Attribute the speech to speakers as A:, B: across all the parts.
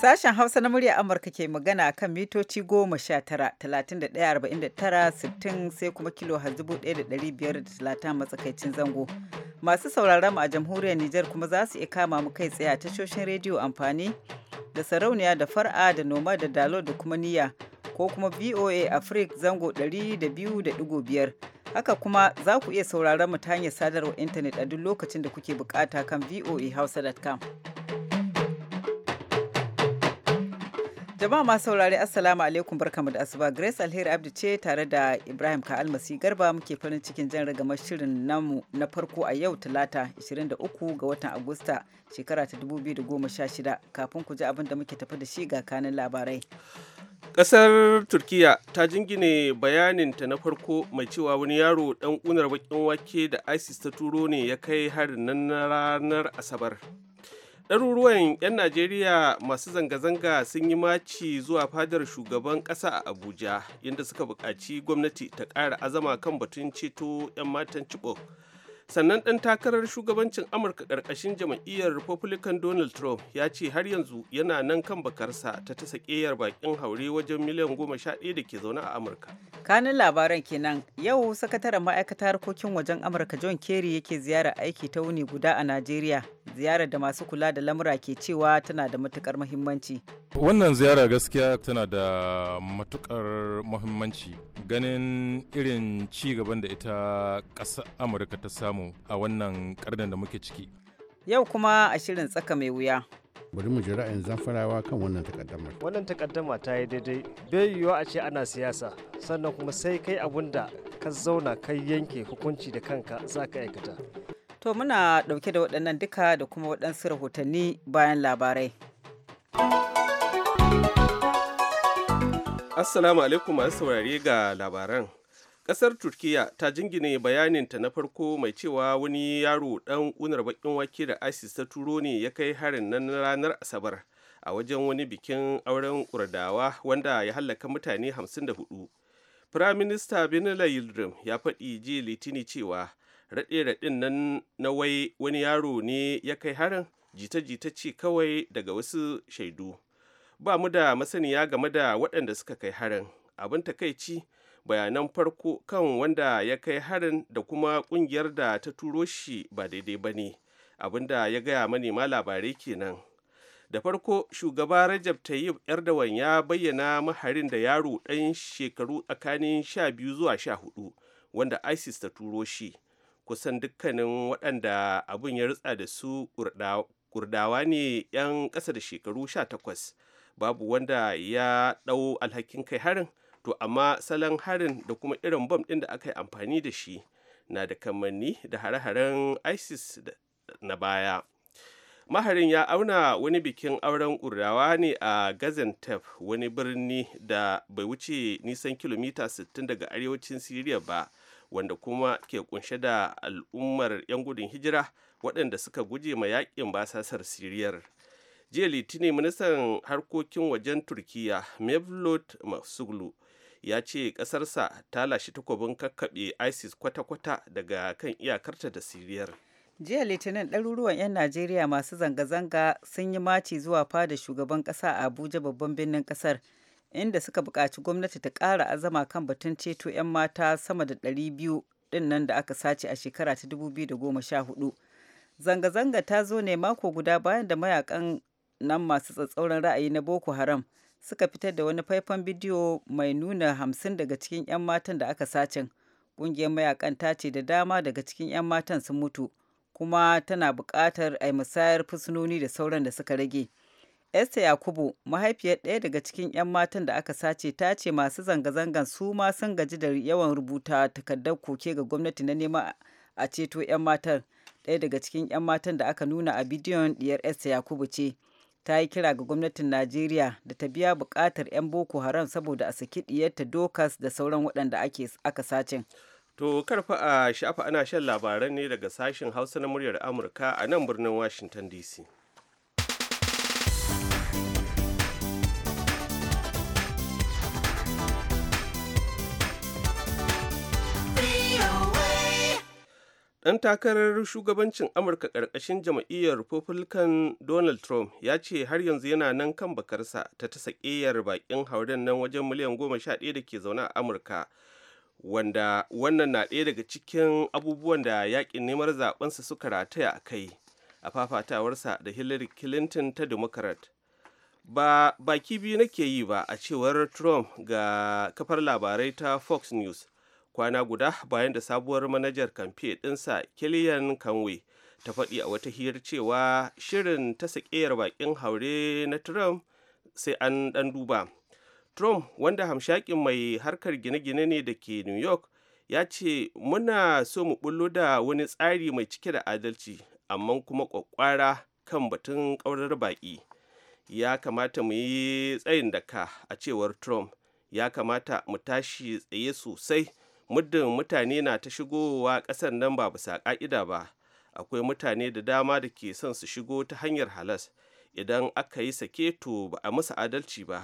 A: Sashen Hausa na murya Amurka ke magana kan mitoci goma sha tara, talatin sai kuma kilo har dubu ɗaya da ɗari biyar da talatin matsakaicin zango. Masu sauraron mu a jamhuriyar Nijar kuma za su iya kama mu kai tsaye a tashoshin rediyo amfani da sarauniya da far'a da noma da dalo da kuma niyya ko kuma VOA Africa zango da biyu biyar haka kuma za ku iya sauraron mu ta hanyar sadarwar intanet a duk lokacin da kuke bukata kan voahausa.com. Jama'a masu saurare Assalamu alaikum barkamu da asuba Grace Alheri Abdu ce tare da Ibrahim Ka Almasi Garba muke farin cikin jan rigamar shirin namu na farko a yau Talata 23 ga watan Agusta shekara ta 2016 kafin ku ji abin da muke tafi da shi ga kanin labarai. Kasar
B: Turkiya ta jingine ta na farko mai cewa wani yaro dan unar bakin wake da ISIS ta turo ne ya kai harin nan na ranar Asabar. ɗaruruwan 'yan najeriya masu zanga-zanga sun yi maci zuwa fadar shugaban ƙasa a abuja inda suka buƙaci gwamnati ta ƙara azama kan batun ceto 'yan matan chibok sannan ɗan takarar shugabancin amurka ƙarƙashin jam'iyyar republican donald trump ya ce har yanzu yana nan kan bakarsa ta tasa ƙeyar bakin haure wajen miliyan goma sha ɗaya da ke zaune a amurka
A: kanin labaran kenan yau sakataren ma'aikatar harkokin wajen amurka john kerry yake ziyara aiki ta wuni guda a najeriya ziyara da masu kula da lamura ke cewa tana da matukar muhimmanci
C: wannan ziyara gaskiya tana da matukar muhimmanci ganin irin ci gaban da ita ƙasar amurka ta samu samu a wannan karnin da muke ciki
A: yau kuma a shirin tsaka mai wuya
D: bari mu ji ra'ayin zafarawa kan wannan takaddama.
A: wannan takaddama ta yi daidai bai
E: yiwuwa a ce ana siyasa sannan kuma sai kai abun da ka zauna kai yanke hukunci da
A: kanka za ka aikata to muna dauke da waɗannan duka da kuma waɗansu rahotanni bayan labarai
B: assalamu alaikum masu saurare ga labaran kasar Turkiyya ta jingine bayaninta na farko mai cewa wani yaro dan unar bakin wake da isis ta turo ne ya kai harin nan ranar asabar a wajen wani bikin auren kurdawa wanda ya hallaka mutane 54 firaminista benila yildirim ya faɗi ji litini cewa raɗe-raɗin nan na wai wani yaro ne ya kai harin jita-jita ce kawai daga wasu shaidu ba mu da masaniya game da waɗanda suka kai harin abin takaici bayanan farko kan wanda ya kai harin da kuma kungiyar da ta turo shi ba daidai ba ne abinda ya gaya manema labarai kenan da farko shugaba rajab tayyip erdogan ya bayyana maharin da yaro ɗan shekaru tsakanin biyu zuwa sha 14 wanda isis ta turo shi kusan dukkanin waɗanda abin ya rutsa da su kurdawa ne 'yan ƙasa da shekaru sha takwas, babu wanda ya ɗau alhakin kai harin to amma salon harin da kuma irin bom ɗin da aka yi amfani da shi na da kamanni da hare-haren isis na baya maharin ya auna wani bikin auren ƙurawa ne a gazantep wani birni da bai wuce nisan kilomita 60 daga arewacin siriya ba wanda kuma ke kunshe da al'ummar 'yan gudun hijira waɗanda suka guje ma yaƙin basasar siriyar jiya litinin ministan harkokin wajen turkiya mevlut masuglu ya ce ƙasarsa ta lashe takobin kakkaɓe isis kwata-kwata daga
A: kan iyakarta da siriyar jiya litinin ɗaruruwan 'yan najeriya masu zanga-zanga sun yi maci zuwa fada shugaban ƙasa a abuja babban birnin ƙasar inda suka buƙaci gwamnati ta ƙara azama kan batun ceto 'yan mata sama da 200 ɗin nan da aka sace a shekara ta 2014 zanga-zanga ta zo ne mako guda bayan da mayakan nan masu tsatsauran ra'ayi na boko haram suka fitar da wani faifan bidiyo mai nuna hamsin daga cikin 'yan matan da aka sace, ƙungiyar mayakan ta ce da dama daga cikin 'yan matan sun mutu kuma tana buƙatar a musayar fursunoni da sauran da suka rage esther yakubu mahaifiyar ɗaya daga cikin 'yan matan da aka sace ta ce masu zanga-zangan su ma sun gaji da yawan rubuta takardar koke ga gwamnati na neman a ceto 'yan matan ɗaya daga cikin 'yan matan da aka nuna a bidiyon ɗiyar esther yakubu ce ta yi kira ga gwamnatin Najeriya da ta biya bukatar 'yan Boko Haram saboda a saki diyarta Dokas da sauran waɗanda ake aka sacin.
B: To karfa a shafa ana shan labaran ne daga sashen Hausa na muryar Amurka a nan birnin Washington DC. Ɗan takarar shugabancin Amurka ƙarƙashin jam'iyyar Republican Donald Trump ya ce har yanzu yana nan kan bakarsa ta ta sakeyar bakin hauren nan wajen miliyan goma sha ɗaya da ke zaune a Amurka. Wanda wannan na ɗaya daga cikin abubuwan da yaƙin neman zaɓensa suka rataya a kai a fafatawarsa da Hillary Clinton ta Democrat. Ba baki biyu nake yi ba a cewar Trump ga kafar labarai ta Fox News. kwana guda bayan da sabuwar manajar kamfe ɗinsa kiliyan kanwe ta faɗi a wata hira cewa shirin ta sakiyar bakin haure na trump sai an ɗan duba trump wanda hamshakin mai harkar gine-gine ne da ke new york ya ce muna so mu bullo da wani tsari mai cike da adalci amma kuma kwakwara kan batun ƙaurar baƙi ya kamata mu yi tsayin daka a cewar trump ya kamata mu tashi tsaye sosai muddin mutane na ta shigowa ƙasar nan ba bisa ƙa'ida ba akwai mutane da dama da ke son su shigo ta hanyar halas idan aka yi sake to ba a musu adalci ba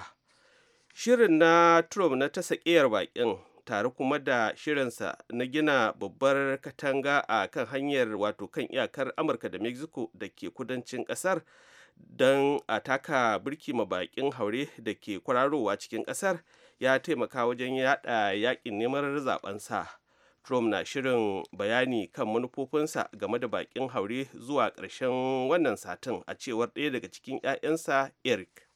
B: shirin na trump na ta sakiyar bakin tare kuma da shirinsa na gina babbar katanga a kan hanyar wato kan iyakar amurka da mexico da ke kudancin kasar don a taka birki ma bakin haure da ke kwararowa cikin kasar ya taimaka wajen yada yakin neman sa trump na shirin bayani kan manufofinsa game da bakin haure zuwa ƙarshen wannan satin a cewar ɗaya daga cikin 'ya'yansa eric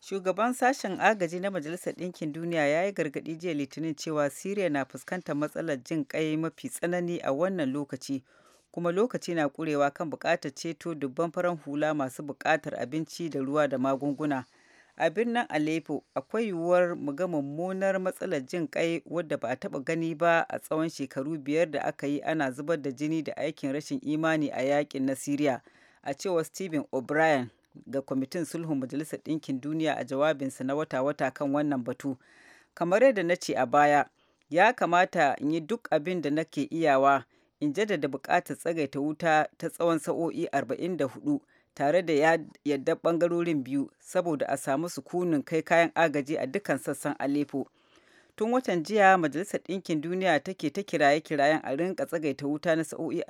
A: shugaban sashen agaji na majalisar ɗinkin duniya ya yi gargaɗi jiya litinin cewa syria na fuskantar matsalar jin ƙai mafi tsanani a wannan lokaci kuma lokaci na ƙurewa kan buƙatar ceto dubban farar hula masu buƙatar abinci da ruwa da magunguna a birnin Aleppo akwai yiwuwar mu ga mummunar matsalar jin kai wadda ba a taba gani ba a tsawon shekaru biyar da aka yi ana zubar da jini da aikin rashin imani a yakin na Syria a cewar Stephen O'Brien ga kwamitin sulhun majalisar ɗinkin duniya a jawabinsa na wata-wata kan wannan batu kamar yadda na ce a baya ya kamata in yi duk abin da nake iyawa in jaddada buƙatar tsagaita wuta ta tsawon sa'o'i 44 tare da yadda bangarorin biyu saboda a samu sukunin kai kayan agaji a dukkan sassan Aleppo. Tun watan jiya Majalisar Ɗinkin Duniya take ta kiraye-kirayen a rinka tsagaita wuta na sa'o'i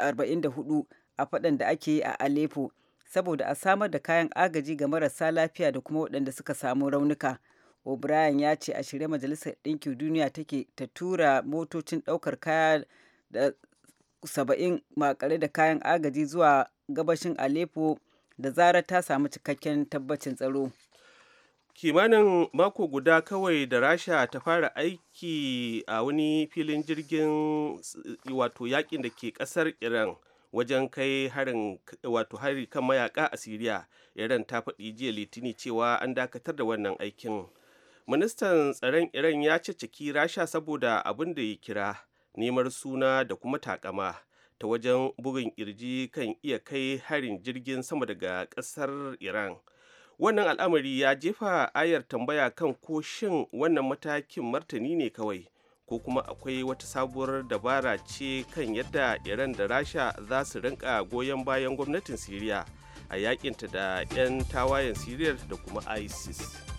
A: 44 a faɗan da ake yi a Aleppo saboda a samar da kayan agaji ga marasa lafiya da kuma waɗanda suka samu raunuka. O'Brien ya ce a shirya Majalisar Ɗinkin Duniya take ta tura motocin ɗaukar kaya da 70 makare da kayan agaji zuwa gabashin aleppo da zara ta samu cikakken tabbacin tsaro kimanin mako guda
B: kawai da rasha ta fara aiki a wani filin jirgin wato yakin da ke kasar iran wajen kai harin wato hari kan mayaka a siriya iran ta faɗi jiya litini cewa an dakatar da wannan aikin ministan tsaron iran ya ciki rasha saboda abin da ya kira nemar suna da kuma takama ta wajen bugun kirji kan iya kai harin jirgin sama daga ƙasar iran wannan al'amari ya jefa ayar tambaya kan ko shin wannan matakin martani ne kawai ko kuma akwai wata sabuwar dabara ce kan yadda iran da rasha za su rinka goyon bayan gwamnatin siriya a yakinta da 'yan tawayen siriyar da kuma isis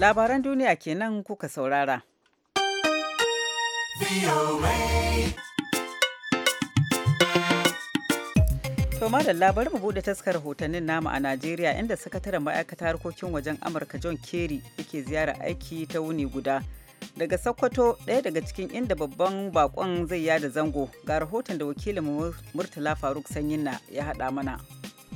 A: Labaran duniya kenan kuka saurara. To da bari mu bude taskar rahotannin namu a Najeriya inda sakataren ma'aikatar harkokin wajen Amurka John Kerry yake ziyara aiki ta wuni guda. Daga Sokoto ɗaya daga cikin inda babban bakon zai yada zango ga rahoton da wakilin Murtala Faruk Sanyin na ya haɗa mana.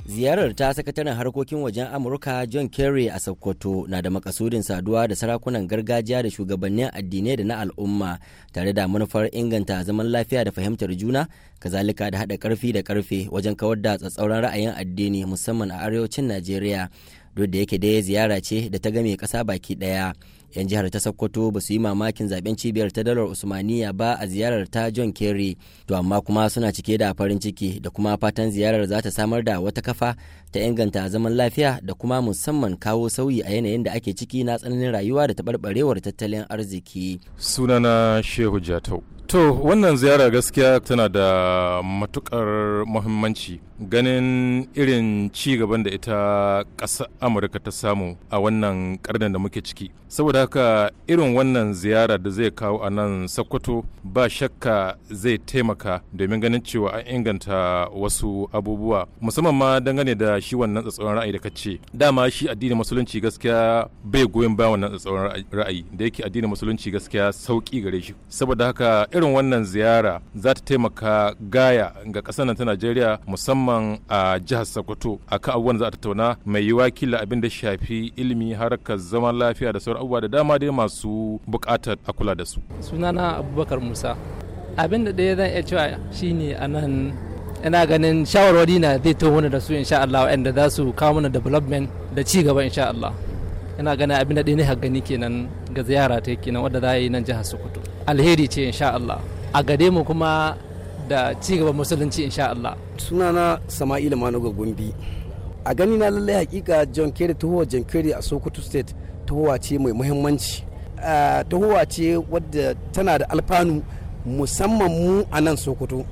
F: ziyarar ta sakataren harkokin wajen amurka john kerry a sokoto na da makasudin saduwa da sarakunan gargajiya da shugabannin addinai da na al'umma tare da manufar inganta zaman lafiya da fahimtar juna kazalika da haɗa ƙarfi da karfe wajen kawar da tsatsauran ra'ayin addini musamman a arewacin najeriya duk da yake dai ziyara ce da ta game ƙasa baki ɗaya 'yan jihar ta sokoto ba su yi mamakin zaben cibiyar ta dalar usmaniya ba a ziyarar ta john kerry to amma kuma suna cike da farin ciki da kuma fatan ziyarar za ta samar da wata kafa ta inganta zaman lafiya da kuma musamman kawo sauyi a yanayin da ake ciki na tsananin rayuwa da taɓarɓarewar tattalin arziki
C: sunana shehu jatau To wannan ziyara gaskiya tana da matukar muhimmanci ganin irin ci gaban da ita ƙasa Amurka ta samu a wannan ƙarnin da muke ciki. Saboda haka irin wannan ziyara da zai kawo a nan Sokoto ba shakka zai taimaka domin ganin cewa an inganta wasu abubuwa musamman ma dangane da shi wannan tsatsauran ra'ayi da ka Dama shi addinin musulunci gaskiya bai goyon bayan wannan tsatsauran ra'ayi da yake addinin musulunci gaskiya sauki gare shi. Saboda haka irin wannan ziyara za ta taimaka gaya ga ƙasar nan ta najeriya musamman a jihar sokoto akan abubuwan za a tattauna mai yi kila abin da shafi ilimi harkar zaman lafiya da sauran abubuwa da dama dai masu buƙatar a kula da su
G: sunana abubakar musa abin da ɗaya zan iya cewa shine a nan ina ganin shawarwari na zai taho da su insha Allah wa'anda za su kawo mana development da ci gaba insha Allah ina ganin abin da ɗaya ne gani kenan ga ziyara ta kenan wadda za a yi nan jihar Sokoto alheri ce insha Allah a gare mu kuma da
F: cigaba musulunci insha Allah sunana Sama'ila ga Gombe a gani na lallai hakika John Kerry tuhuwa John Kerry a Sokoto State tuhuwa ce mai muhimmanci tuhuwa ce wadda tana da alfanu musamman mu a nan Sokoto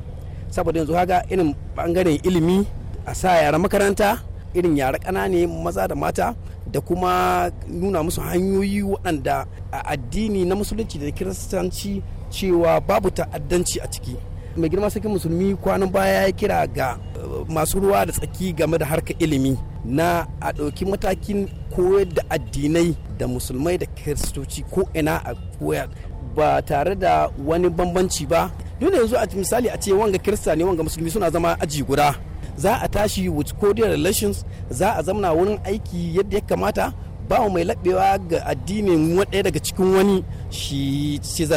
F: saboda yanzu haka irin bangaren ilimi a sa yara makaranta irin yara ƙanane maza da mata da kuma nuna musu hanyoyi waɗanda a addini na musulunci da kiristanci cewa babu ta'addanci a ciki mai girma sarkin musulmi kwanan baya ya kira ga eh, masu ruwa da tsaki game da harkar ilimi na a ɗauki matakin koyar da addinai da musulmai da kiristoci ko ina a koyar ba tare da wani bambanci ba Dole yanzu a misali a ce wanga kirista ne wanga musulmi suna zama aji guda za a tashi with cordial relations za a zamana wurin aiki yadda ya kamata ba mai laɓewa ga addinin ɗaya daga cikin wani shi ci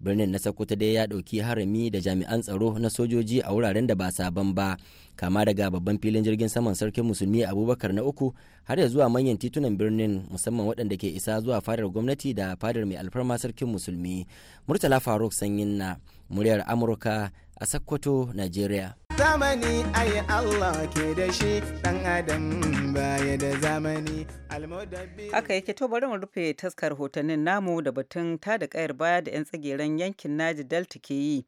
F: birnin na sokoto dai ya ɗauki harami da jami'an tsaro na sojoji a wuraren da ba sabon ba kama daga babban filin jirgin saman sarkin musulmi abubakar na uku har ya zuwa manyan titunan birnin musamman waɗanda ke isa zuwa fadar gwamnati da fadar mai alfarma sarkin musulmi murtala faruk sanyin na muryar amurka a Sokoto, Najeriya.
A: zamani ai Allah ke da shi dan adam baya da zamani
B: almodabbi
A: haka yake to bari mu rufe taskar hotannin namu da batun ta da kayar baya da yan tsageren yankin Naji Delta ke yi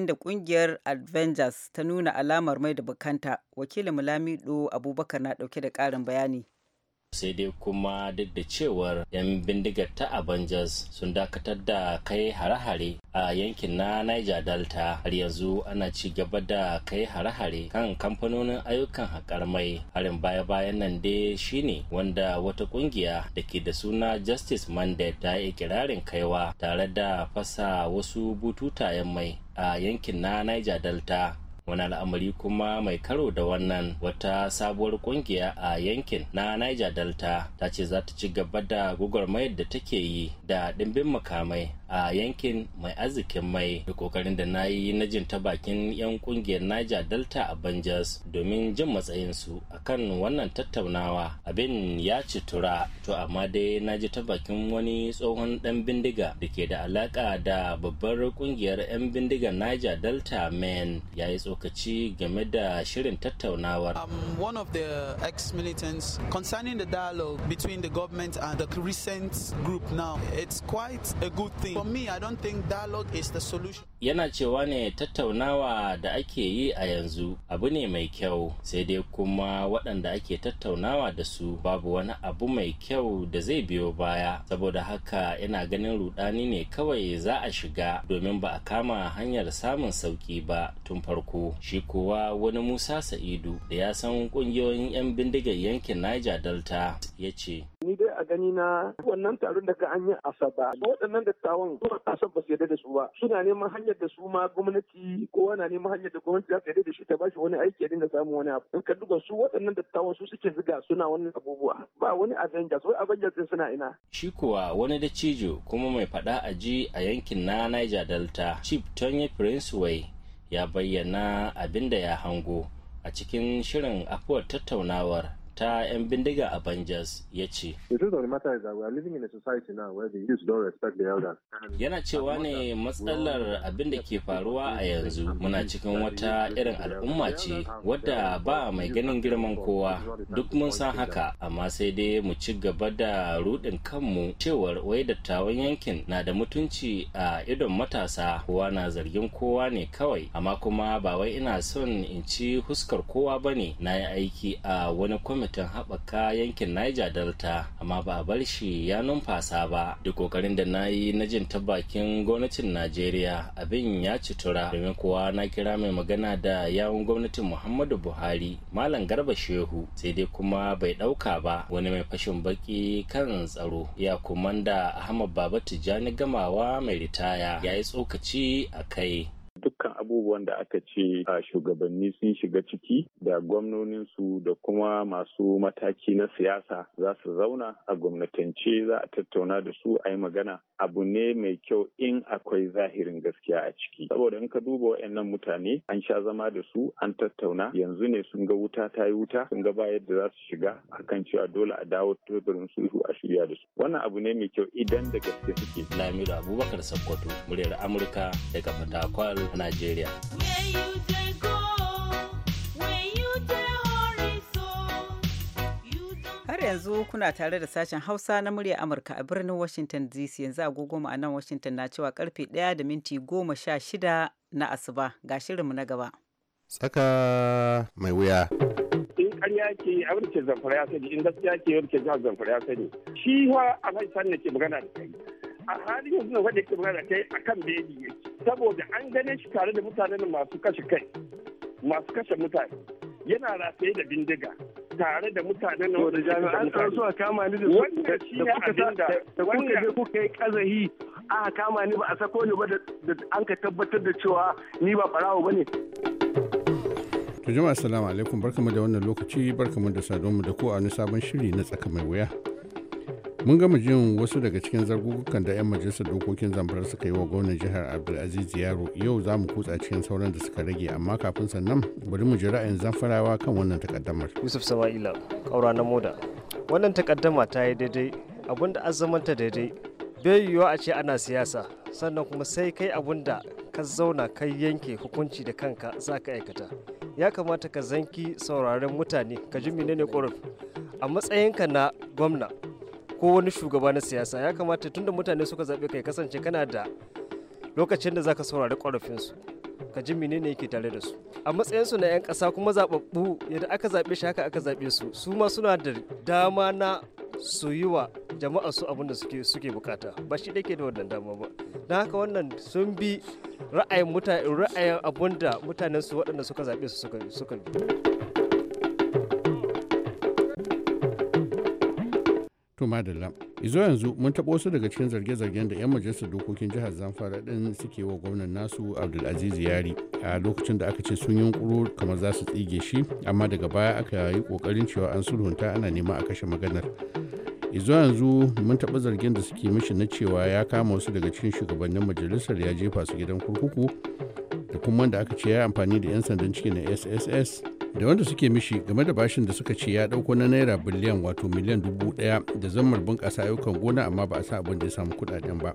A: inda kungiyar Avengers ta nuna alamar mai da bukanta wakilin Mulamido Abubakar na dauke da karin bayani
G: sai dai kuma duk da cewar 'yan bindigar ta avengers sun dakatar da kai hare-hare a yankin na niger delta har yanzu ana ci gaba da kai hare-hare kan kamfanonin ayyukan haƙar mai harin baya-bayan nan dai shine wanda wata ƙungiya da ke da suna justice mandate ta yi kirarin kaiwa tare da fasa wasu bututayen mai a yankin na niger delta wani al'amari kuma mai karo da wannan wata sabuwar kungiya a yankin na niger delta ta ce za ta ci gaba da gwagwarmayar da take yi da ɗimbin makamai a yankin mai arzikin mai da kokarin da na yi na jin ta bakin 'yan kungiyar niger delta a banjas domin jin matsayinsu a kan wannan tattaunawa abin ya citura to amma dai na ji ta bakin wani tsohon dan bindiga da ke da alaka da babbar kungiyar 'yan bindigar niger delta men ya yi tsokaci game da shirin tattaunawar
B: um, one of the ex-militants concerning the dialogue between the government and the recent group now it's quite a good thing For me, I is the solution.
G: Yana cewa ne tattaunawa da ake yi a yanzu abu ne mai kyau sai dai kuma waɗanda ake tattaunawa da su babu wani abu mai kyau da zai biyo baya saboda haka yana ganin rudani ne kawai za a shiga domin ba a kama hanyar samun sauki ba tun farko shi kuwa wani musa sa'idu da ya san kungiyoyin 'yan bindigar yankin niger delta ya ce
H: Ni dai a gani na wannan taron da ka an yi asaba. Waɗannan dattawan kuma asan ba su yarda da su ba. Suna neman hanyar da su ma gwamnati ko na neman hanyar da gwamnati za ta yarda da shi ta ba shi wani aiki ya dinga samun wani abu. In ka duba su waɗannan dattawan su suke ziga suna wani abubuwa. Ba wani Avengers wai Avengers din suna ina.
G: Shi kuwa wani da cijo kuma mai faɗa a ji a yankin na Niger Delta Chief Tonye Princeway ya bayyana abin da ya hango a cikin shirin afuwar tattaunawar ta 'yan bindiga a Banjas ya ce. Yana cewa ne matsalar abin da ke faruwa a yanzu muna cikin wata irin al'umma ce wadda ba mai ganin girman kowa duk mun san haka amma sai dai mu ci gaba da rudin kanmu cewar wai dattawan yankin na da mutunci a idon matasa kowa na zargin kowa ne kawai amma kuma ba wai ina son in ci huskar kowa bane na yi aiki a wani kwamiti batun haɓaka yankin niger delta amma ba a bar shi ya numfasa ba duk kokarin da na yi na jin ta bakin gwamnatin najeriya abin ya citura domin kuwa na kira mai magana da yawun gwamnatin muhammadu buhari malam garba shehu sai dai kuma bai ɗauka ba wani mai fashin baki kan tsaro ya kumanda ahmad baba tijjani gamawa mai ritaya
H: ya yi tsokaci a kai abubuwan da aka ce a shugabanni sun shiga ciki da su da kuma masu mataki na siyasa za su zauna a gwamnatance za a tattauna da su a yi magana abu ne mai kyau in akwai zahirin gaskiya a ciki saboda in ka duba wayannan mutane an sha zama da su an tattauna yanzu ne sun ga wuta ta yi wuta sun ga ba yadda za su shiga akan cewa dole a dawo teburin sulhu a shirya da su wannan abu ne mai kyau idan da gaske suke. Lamiru
G: Abubakar Sokoto muryar Amurka daga Fatakwal, Najeriya.
A: Har yanzu kuna tare da sashen Hausa na murya Amurka a birnin Washington DC yanzu agogo a nan Washington na cewa karfe 1 da minti 16 na asuba ga shirinmu na gaba.
D: Tsaka mai wuya.
A: In ƙarya ke a wurce zamfara ya sani in
I: gaskiya ke wurce zamfara ya sani shi wa a san da ke magana da kai. a halin yanzu da wadda ke magana kai a kan beji ne saboda an gane shi tare da mutanen masu kashe kai masu kashe mutane yana rataye da bindiga tare da mutanen da wanda jami'an tsaro suka kama ni da kuka da kuka je
H: kuka yi kazahi aka kama ni ba a sako ni ba da an ka tabbatar da cewa ni ba farawo bane
D: to jama'a salamu alaikum barkamu da wannan lokaci barkamu da saduwa da ko a wani sabon shiri na tsaka mai wuya mun gama jin wasu daga cikin zargugukan da 'yan majalisar dokokin zamfara suka yi wa gwamnan jihar abdulaziz yaro yau za mu kutsa cikin sauran da suka rage amma kafin sannan bari mu ji ra'ayin zamfarawa kan wannan takaddamar
E: yusuf sama'ila ƙaura na moda wannan takaddama ta yi daidai abin da azamanta daidai bai yiwuwa a ce ana siyasa sannan kuma sai kai abun da ka zauna kai yanke hukunci da kanka za ka aikata ya kamata ka zanki sauraren mutane ka ji menene ƙorafi a matsayinka na gwamna ko wani shugaba na siyasa ya kamata tunda mutane suka zaɓe kai kasance kana da lokacin da zaka saurari ƙorafinsu ka ji menene yake tare da su a matsayinsu na 'yan ƙasa kuma zaɓaɓɓu yadda aka zaɓe shi haka aka zaɓe su su ma suna da dama na su yi wa jama'a su abin da suke suke bukata ba shi da ke da wannan dama ba don haka wannan sun bi ra'ayin mutane ra'ayin abin mutanen su waɗanda suka zaɓe su suka bi
D: To madalla, izo yanzu mun taɓo wasu daga cikin zarge-zargen da 'yan majalisar dokokin jihar Zamfara ɗin suke wa gwamnan nasu Abdulaziz Yari a lokacin da aka ce sun yi yunkuro kamar za su tsige shi, amma daga baya aka yi ƙoƙarin cewa an sulhunta ana nema a kashe maganar. Izo yanzu mun taɓa zargin da suke mishi na cewa ya kama wasu daga cikin shugabannin majalisar ya jefa su gidan kurkuku da kuma da aka ce ya amfani da 'yan sandan cikin na SSS da wanda suke mishi game da bashin da suka ce ya dauko na naira biliyan wato miliyan dubu daya da zammar bunƙasa ayyukan gona amma ba a sa abin da ya samu kudaden ba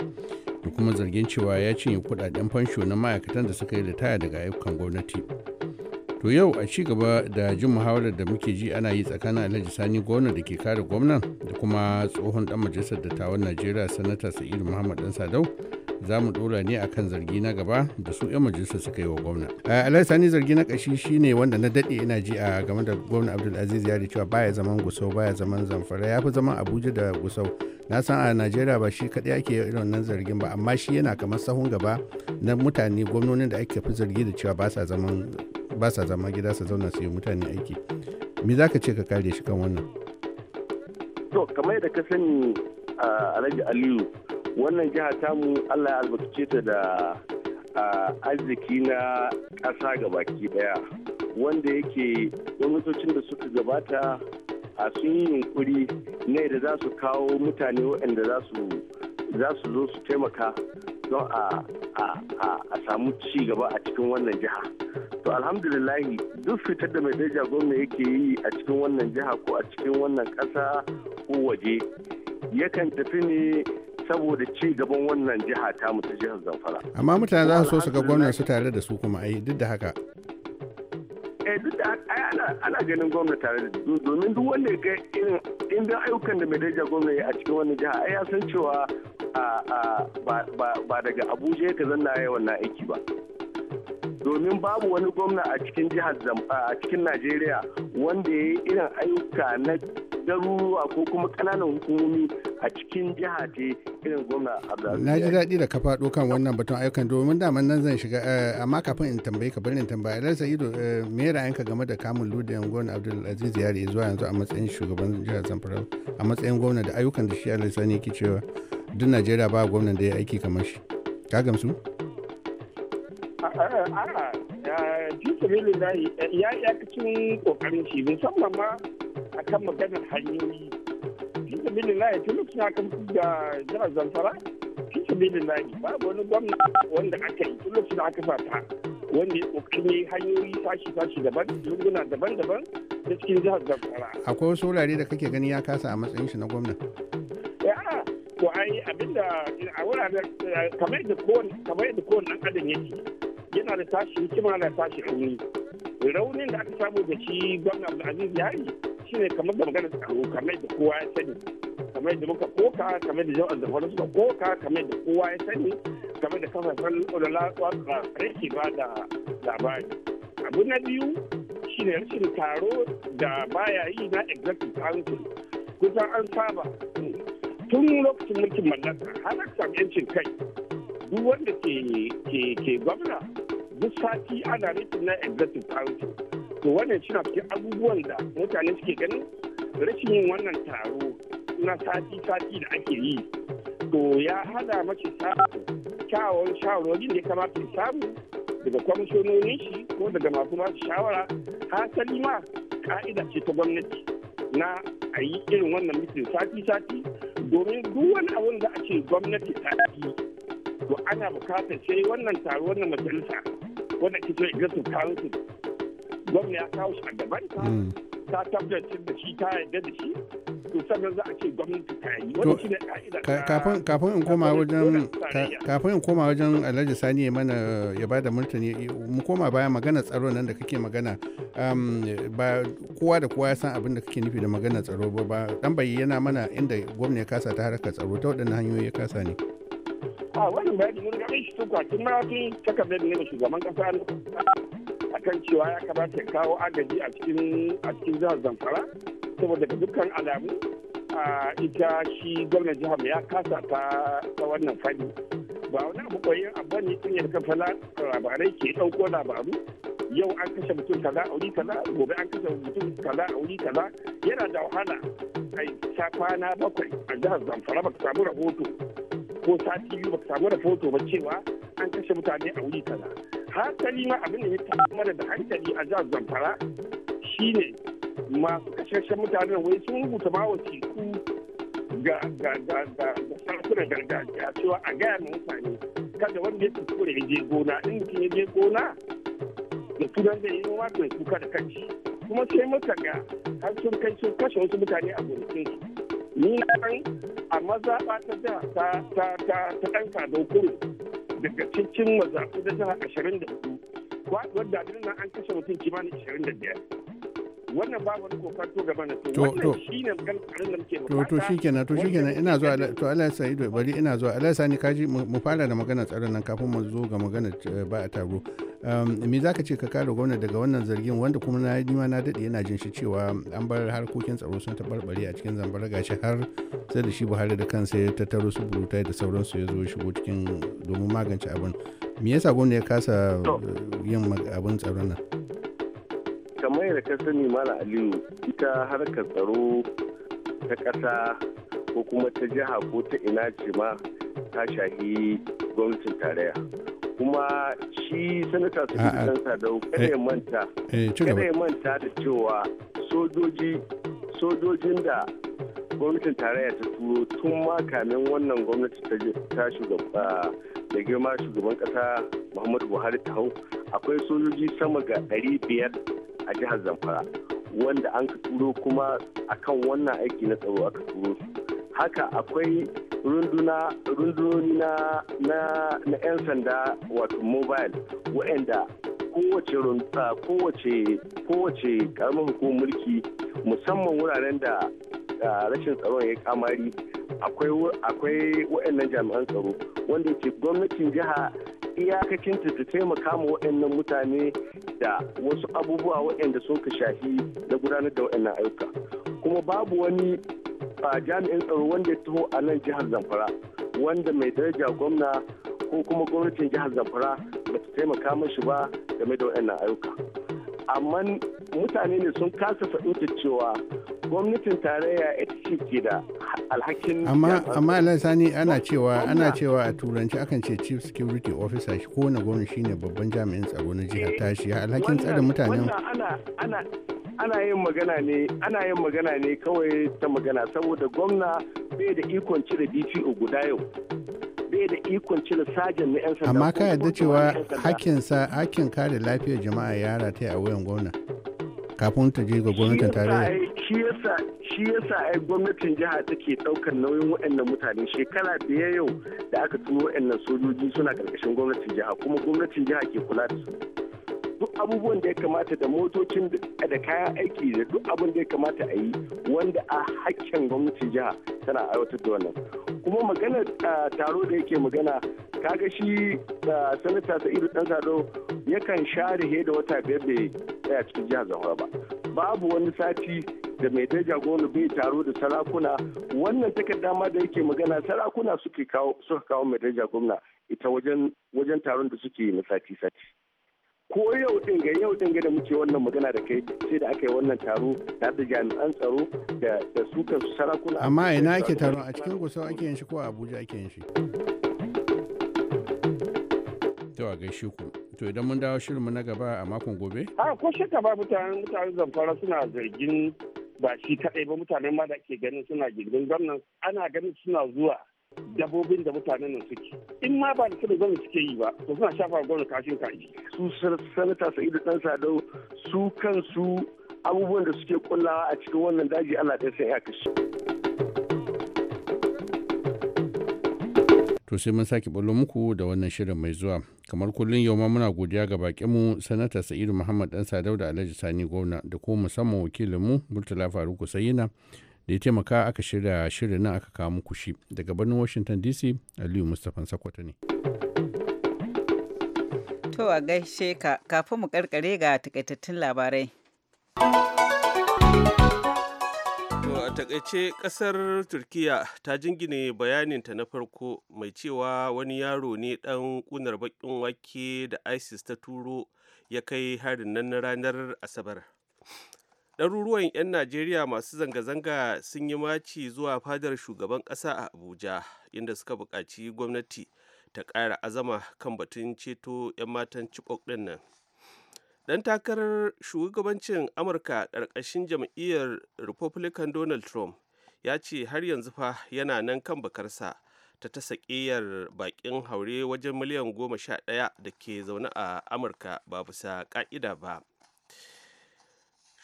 D: da kuma zargin cewa ya cinye kudaden fansho na ma'aikatan da suka yi da taya daga ayyukan gwamnati to yau a ci gaba da jin muhawarar da muke ji ana yi tsakanin alhaji sani gwamna da ke kare gwamnan da kuma tsohon dan majalisar dattawan najeriya sanata sa'idu muhammad dan sadau za mu dora ne kan zargi na gaba da su 'yan majalisar suka yi wa gwamna alhaji sani zargi na kashi shi ne wanda na daɗe ina ji a game da gwamna abdulaziz yari cewa baya zaman gusau baya zaman zamfara ya fi zaman abuja da gusau na san a najeriya ba shi kaɗai ake irin nan zargin ba amma shi yana kamar sahun gaba na mutane gwamnonin da ake fi zargi da cewa ba sa zaman ba sa zama gida su zauna su yi mutane aiki me za ka ce ka kare shi kan wannan
H: to kamar da ka sani a alhaji aliyu wannan jiha tamu allah ya albarkace ta da arziki na ƙasa ga baki daya wanda yake gwamnatocin da suka gabata a sun yi yunkuri ne da za su kawo mutane waɗanda za su zo su taimaka don a samu ci gaba a cikin wannan jiha to alhamdulillahi duk fitar da mai daja gwamna yake yi a cikin wannan jiha ko a cikin wannan ƙasa ko waje yakan tafi ne saboda ci gaban wannan jiha ta ta jihar zamfara
D: amma mutane za su so su ga gwamna su tare da su kuma ai eh, duk da haka
H: eh duk da ana ana ganin gwamna tare da su domin duk wanda ya ga irin inda ayyukan da madaja gwamna ya a cikin wannan jiha ai ya san cewa ba daga abuja ya ka zanna ya wannan aiki ba domin babu wani gwamna a cikin jihar a cikin najeriya wanda ya yi irin ayyuka na garuruwa ko kuma kananan hukumomi a cikin jiha ce irin gwamna abdullahi na ji daɗi
D: da ka faɗo kan wannan batun ayyukan domin daman nan zan shiga amma kafin in tambaye ka bari in tambaya dan sa'ido me ra'ayinka game da kamun ludayen gwamna abdulaziz yari zuwa yanzu a matsayin shugaban jihar zamfara a matsayin gwamna da ayyukan da shi Sani yake cewa duk najeriya ba gwamnan da ya aiki kamar shi ka gamsu
I: a'a ya ji sabilillahi ya yi yakacin kokarin shi musamman ma a kan maganar hanyoyi fi sabilin layi tun lokacin aka mutu da jihar zamfara fi sabilin layi babu wani gwamna wanda aka yi tun lokacin aka ta wanda ya kokarin hanyoyi sashi-sashi daban lunguna daban-daban da cikin jihar zamfara akwai
D: wasu wurare da kake gani ya kasa a matsayin shi na gwamna
I: ko ai abinda a wuraren eh, kamar yadda kowane kamar yadda kowane dan adam yake yana da tashi hikima da tashi rauni raunin da aka samu da shi gwamna Abdulaziz yi. shine kamar da magana tsaro kamar da kowa ya sani kamar da muka koka kamar da jama'ar zamfara suka koka kamar da kowa ya sani kamar da kafafen labarai ke ba da labari abu na biyu shine rashin taro da baya yi na exactly council kusan an saba hmm, tun lokacin mulkin mallaka har aka yancin kai duk wanda ke gwamna duk sati ana rikin na executive council to wannan suna cikin abubuwan da mutane suke ganin rashin yin wannan taro na sati-sati da ake yi to ya hada mace samun kyawun shawarwarin da ya kamata ya samu daga kwamishinonin shi ko daga masu masu shawara hasali ma ka'ida ce ta gwamnati na a yi irin wannan mutum sati-sati domin duk wani abun da a gwamnati ta yi to ana bukatar sai wannan taro wannan majalisa wanda ke so executive council gwamna ya kawo shi a gaban hmm. ta tabbatar da shi ta yarda da shi
H: to sanar za a ce gwamnati ta yi
D: wani shi ne ka'ida kafin in koma wajen kafin in koma wajen alhaji sani ya mana ya bada martani mu koma baya magana tsaro nan da kake magana ba kowa da kowa ya san abin da kake nufi da magana tsaro ba dan bai yana mana inda gwamna ya kasa ta harkar tsaro ta waɗannan hanyoyi ya kasa ne
A: a
I: wannan bayani mun ga shi tukwa tun ma wata takardar ne shugaban kasa a kan cewa ya kamata ya kawo agaji a cikin jihar zamfara saboda ga dukkan alamu a ita shi gwamnan jihar ya kasa ta ta wannan fadi ba wani abu koyi abu ne tun yadda kafa labarai ke ɗauko labaru yau an kashe mutum kaza a wuri kaza gobe an kashe mutum kaza a wuri kaza yana da wahala a ta kwana bakwai a jihar zamfara baka ka samu rahoto ko sati biyu ba ka samu rahoto ba cewa an kashe mutane a wuri
H: kaza
I: hankali ma abin da ya tafi mana da hankali a jihar zamfara shine masu kashashen mutanen wai sun rubuta ma wa ga ga ga sarakunan gargajiya cewa a gaya ma mutane kada wanda ya kuskure ya je gona in mutum ya je gona da tunan da yi ma to kuka da kanci kuma sai muka ga har sun kai sun kashe wasu mutane a gonakin su ni na san a mazaɓa ta ta ta ta ta ɗan sadau daga cikin mazaɓu da jihar ashirin da wadda nan an kashe mutum kimanin ashirin da biyar wannan ba wani kokarto gaba na to wannan shine ganin da muke to to shikenan to
D: shikenan ina zuwa to Allah ya sa ido bari ina zuwa Allah ya sa ni kaji mu fara da magana tsaron nan kafin mu zo ga magana eh, ba a taro um, me zaka ce ka kare gwamnati daga wannan zargin wanda kuma na yi ma na dade yana jin shi cewa an bar harkokin tsaro sun taɓarɓare a cikin zambar gashi har sai da shi Buhari da kansa ya tattaro su burutai da sauransu ya zo shigo cikin domin magance abin me yasa gwamnati ya kasa eh, yin abin tsaron nan
H: da ka sani mala aliyu ita harkar tsaro ta ƙasa ko kuma ta jiha ko ta ina ce ma ta shahi gwamnatin tarayya kuma shi sanata su dan sadau kada ya eh. manta eh, kada manta da cewa sojoji sojojin da gwamnatin tarayya ta turo tun makamin kamin wannan gwamnati ta shugaba da girma shugaban kasa muhammadu buhari ta hau akwai sojoji sama ga 500 a jihar zamfara wanda an ka turo kuma kan wannan aiki na tsaro aka turo su haka akwai runduna runduni na 'yan sanda wato mobile waɗanda kowace kowace kowace karamin hukumar mulki musamman wuraren da rashin tsaron ya kamari akwai waɗannan jami'an tsaro wanda ke gwamnatin jiha iyakacinta ta taimaka ma waɗannan mutane da wasu abubuwa waɗanda sun ka shafi da gudanar da waɗannan ayyuka kuma babu wani jami'in tsaro wanda ya taho a nan jihar zamfara wanda mai daraja gwamna ko kuma gwamnatin jihar zamfara ba ta taimaka mashi ba game da waɗannan ayyuka amma mutane ne sun kasa fahimtar cewa gwamnatin tarayya ita ce ke da alhakin amma Allah
D: sani ana cewa ana cewa a turanci akan ce chief security officer shi na gwamnati shine babban jami'in tsaro na jihar tashi alhakin tsare mutanen
H: ana yin magana ne ana yin magana ne kawai ta magana saboda gwamna bai da ikon cire DPO guda yau bai da ikon cire sajan na 'yan sanda amma ka yarda cewa hakinsa
D: hakin kare lafiyar jama'a ya rata a wayan gwamna kafin ta je ga gwamnatin tarayya
H: shi yasa shi yasa ai gwamnatin jiha take ɗaukar nauyin waɗannan mutane shekara biyar yau da aka tuno waɗannan sojoji suna karkashin gwamnatin jiha kuma gwamnatin jiha ke kula da su duk abubuwan da ya kamata da motocin da kayan aiki da duk abin da ya kamata a yi wanda a hakken gwamnatin jiha tana aiwatar da wannan kuma magana taro da yake magana kaga shi da sanata sa'idu dan sado yakan share da wata biyar da ya tsaya cikin jihar zahura ba babu wani sati da mai daja gona bai taro da sarakuna wannan takarda ma da yake magana sarakuna suke kawo suka kawo mai daja gwamna ita wajen wajen taron da suke na sati sati ko yau din ga yau din ga da muke wannan magana da kai sai da aka yi wannan taro da da jami'an tsaro da da su
D: sarakuna amma ina ake taron a cikin gusau ake yin shi ko a Abuja ake yin shi To a gaishe ku. To idan mun dawo shirin mu na gaba a makon gobe? A
I: ko shakka ba mutanen mutanen zamfara suna zargin ba shi kaɗai ba mutanen ma da ke ganin suna girgin gwamnan ana ganin suna zuwa dabobin da mutanen nan suke in ma
H: ba da kada gwamnati suke yi ba to suna shafa gwamnati kashin kaji su sanata sa'idu dan sadau su kansu abubuwan da suke kullawa a cikin wannan daji Allah ɗaya sai ya kashe.
D: to sai mun sake bullo muku da wannan shirin mai zuwa kamar kullum yau ma muna godiya ga bakinmu sanata sa'idu muhammad dan sadau da alhaji sani gwamna da ko musamman wakilinmu murtala faruku sayina da ya taimaka aka shirya shirin nan aka kawo muku shi daga birnin washington dc aliyu mustapha Sakwata ne
A: to a gaishe ka kafin mu karkare ga takaitattun labarai
B: a takaice kasar turkiya ta jingine bayaninta na farko mai cewa wani yaro ne dan kunar bakin wake da isis ta turo ya kai harin nan na ranar asabar ɗaruruwan 'yan najeriya masu zanga-zanga sun yi maci zuwa fadar shugaban ƙasa a abuja inda suka buƙaci gwamnati ta ƙara azama kan batun ceto 'yan matan cibok ɗin nan dan takarar shugabancin amurka ƙarƙashin jam'iyyar republican donald trump ya ce har yanzu fa yana nan kan bakarsa ta ta sakiyar bakin haure wajen miliyan goma sha ɗaya da ke zaune a amurka ba bisa ƙa'ida ba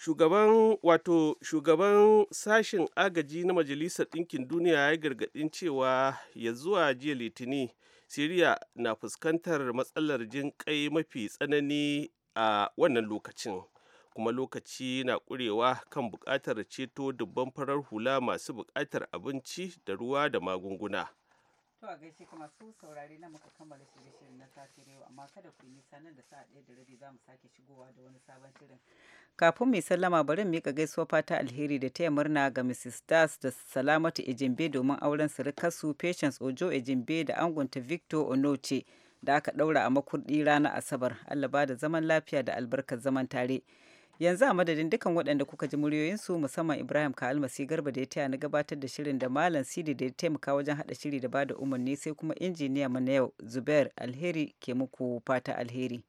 B: shugaban wato shugaban sashen agaji na majalisar ɗinkin duniya ya gargaɗin cewa ya zuwa jiya litini siriya na fuskantar matsalar jin kai mafi tsanani a wannan lokacin kuma lokaci na ƙurewa kan buƙatar ceto dubban farar hula masu buƙatar abinci da ruwa da magunguna.
A: To a gaishe kuma su saurari na muka kammala shirye-shiryen na safe yau amma kada ku yi nan da sa'a ɗaya da rabi za mu sake shigowa da wani sabon shirin. Kafin mai sallama bari mu miƙa gaisuwa fata alheri da taya murna ga Mrs. Stars da Salamatu Ejimbe domin auren rikasu Patience Ojo Ejimbe da angonta Victor Onoche. da aka ɗaura a makurdi ranar asabar allah ba da zaman lafiya da albarkar zaman tare yanzu a madadin dukkan waɗanda kuka ji muryoyinsu musamman ibrahim almasi garba da ya taya na gabatar da shirin da malam sidi da ya taimaka wajen haɗa shiri da ba da umarni sai kuma injiniya mana yau zubair alheri ke muku fata alheri